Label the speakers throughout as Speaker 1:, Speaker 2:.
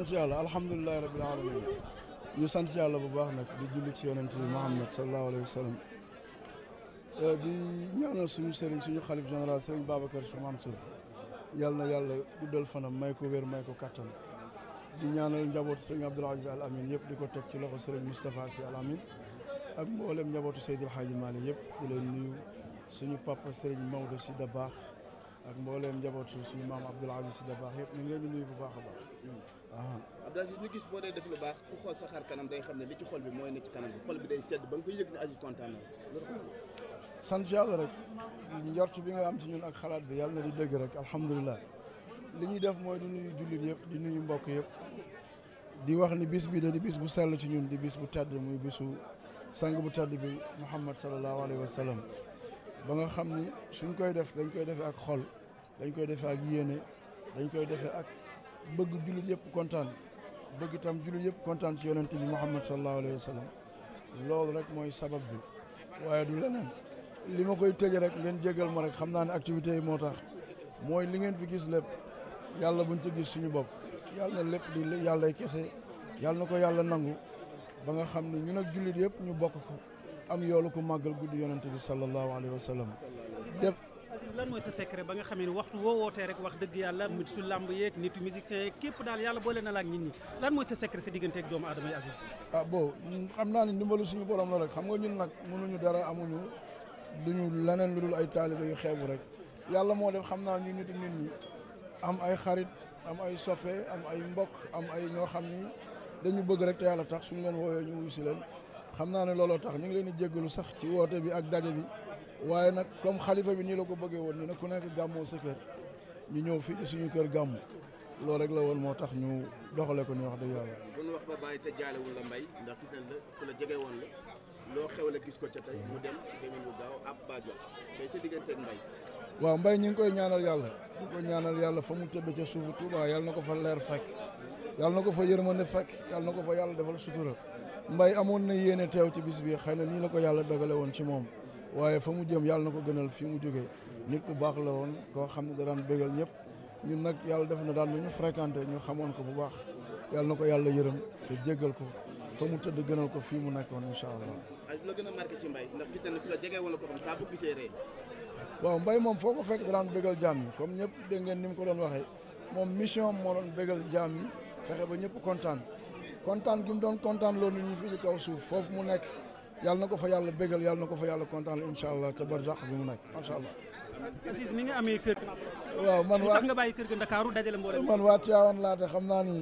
Speaker 1: sant yàlla alhamdulilahi rabbil alamin ñu sant yàlla bu baax nag di julli ci yonent bi Muhammad sallallahu alayhi wa sallam euh, di ñaanal suñu sëriñ suñu xalif général sëriñ Babacar Sy Mansour yal na yàlla guddal fanam may ko wér may ko kattan di ñaanal njaboot sëriñ Abdoul Aziz Al Amin yëpp di ko teg ci loxo sëriñ Moustapha Sy Al Amin ak mboolem njabootu Seydil Hadji Malick yëpp di leen nuyu suñu papa sëriñ Maodo Sy Dabakh ak mbooleem njabootu suñu maam Abdoul Aziz Sy Dabakh yëpp ñu ngi bu baax a
Speaker 2: Abdoulaye ñu gis boo dee def lu baax ku xool sa xar kanam day xam ne li ci xol bi mooy ne ci kanam bi xol bi day sedd ba nga koy yëg ne Aziz kontaan na
Speaker 1: sant yàlla rek njort bi nga am ci ñun ak xalaat bi yàlla na di dëgg rek alhamdulilah li ñuy def mooy di nuyu jullit yëpp di nuyu mbokk yëpp di wax ni bis bi da di bis bu sell ci ñun di bis bu tedd muy bisu sang bu tedd bi Muhammad sallallahu alayhi wa sallam ba nga xam ni suñ koy def dañ koy defee ak xol dañ koy defee ak yéene dañ koy defee ak bëgg jullit yëpp kontaan bëgg itam jullit yëpp kontaan ci yonent bi Muhammad sallallahu alayhi wa sallam loolu rek mooy sabab bi waaye du leneen li ma koy tëje rek ngeen jégal ma rek xam naa ne activités yi moo tax mooy li ngeen fi gis lépp yàlla buñ ci gis suñu bopp yàlla na lépp di yàlla kese yàlla na ko yàlla nangu ba nga xam ne ñun ak jullit yëpp ñu bokk ko am yoolu ku màggal guddi yonent bi sallallahu alayhi wa sallam def
Speaker 2: mooy sa secret ba nga xamee ne waxtu woo wootee rek wax dëgg yàlla nitu làmb yeeg nitu musicien yeeg képp daal yàlla boole na la ak nit ñi lan mooy sa secret sa diggante ak yi Aziz
Speaker 1: ah bon xam naa ne ndimbalu suñu borom la rek xam nga ñun nag mënuñu dara amuñu duñu leneen lu dul ay taalibe yu xeebu rek yàlla moo def xam naa ñu nitu nit ñi am ay xarit am ay soppe am ay mbokk am ay ñoo xam ni dañu bëgg rek te yàlla tax suñu leen wooyee ñu wuyu si leen xam naa ne looloo tax ñu ngi leen di jéggalu sax ci woote bi ak daje bi waaye nag comme xalifa bi nii la ko bëggee woon ñu ne ku nekk gàmmoo sa kër ñu ñëw fii suñu kër gàmmu loolu rek la woon moo tax ñu doxale ko ni wax dëgg yàlla.
Speaker 2: duñ wax ba bàyyi mbay ndax gis la ku la woon la loo xew la gis ko ca tey mu dem ci bu gaaw ab baajo tey sa digganteeg mbay.
Speaker 1: waaw mbay ñu ngi koy ñaanal yàlla ñu koy ñaanal yàlla fa mu tëdd ca suufu Touba yàlla na ko fa leer fekk yàlla na ko fa yërmande fekk yàlla na ko fa yàlla defal sutura mbay amoon na yéene teew ci bis bi xëy na nii la ko yàlla dogale woon ci moom waaye fa mu jëm yàlla na ko gënal fi mu jógee nit ku baax la woon koo xam ne da daan bégal ñëpp ñun nag yàlla def na daan ñu fréquenté ñu xamoon ko bu baax yàlla na ko yàlla yërëm te jéggal ko fa mu tëdd gënal ko fii mu nekkoon incha allah. la
Speaker 2: gën a marqué ci mbay ndax ku la jege wala ko xam saa bu
Speaker 1: waaw mbay moom foo ko fekk da daan bégal jaam yi comme ñëpp dégg ngeen ni mu ko doon waxee moom mission moo doon béggal jaam fexe ba ñëpp kontaan kontaan gi mu foofu mu nekk yàlla na ko fa yàlla bégal yàlla na ko fa yàlla kontaan incha allah ca barzaq bi mu nekk macha allah.
Speaker 2: ni nga amee kër. waaw man waa tax nga bàyyi kër ga Ndakaaru dajale mboolem. man waa
Speaker 1: Tivaouane laa te xam naa ni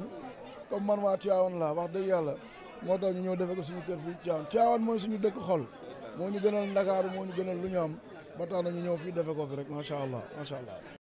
Speaker 1: comme man waa Tivaouane laa wax dëgg yàlla moo tax ñu ñëw defe ko suñu kër fii Tivaouane Tivaouane mooy suñu dëkk xol moo ñu gënal Ndakaaru moo ñu gënal lu ñu am ba tax na ñu ñëw fii defe ko fi rek macha allah macha allah.